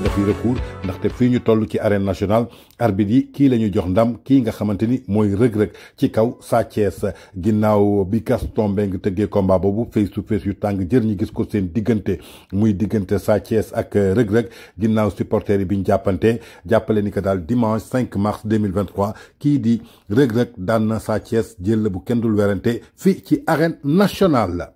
dina def recours ndaxte fii ñu toll ci arène nationale arbitre yi kii la ñu jox ndam kii nga xamante ni mooy rëg-rëg ci kaw Sa ginnaaw bi Gaston Mbengue tëggee combat boobu face to face yu tàng jër ñi gis ko seen diggante muy diggante Sa ak rëg-rëg ginnaaw supporters yi bi ñu jàppante jàppale ni que daal dimanche 5 mars 2023 kii di rëg-rëg daan na Sa Thiès jël bu kenn dul werante fii ci arène national la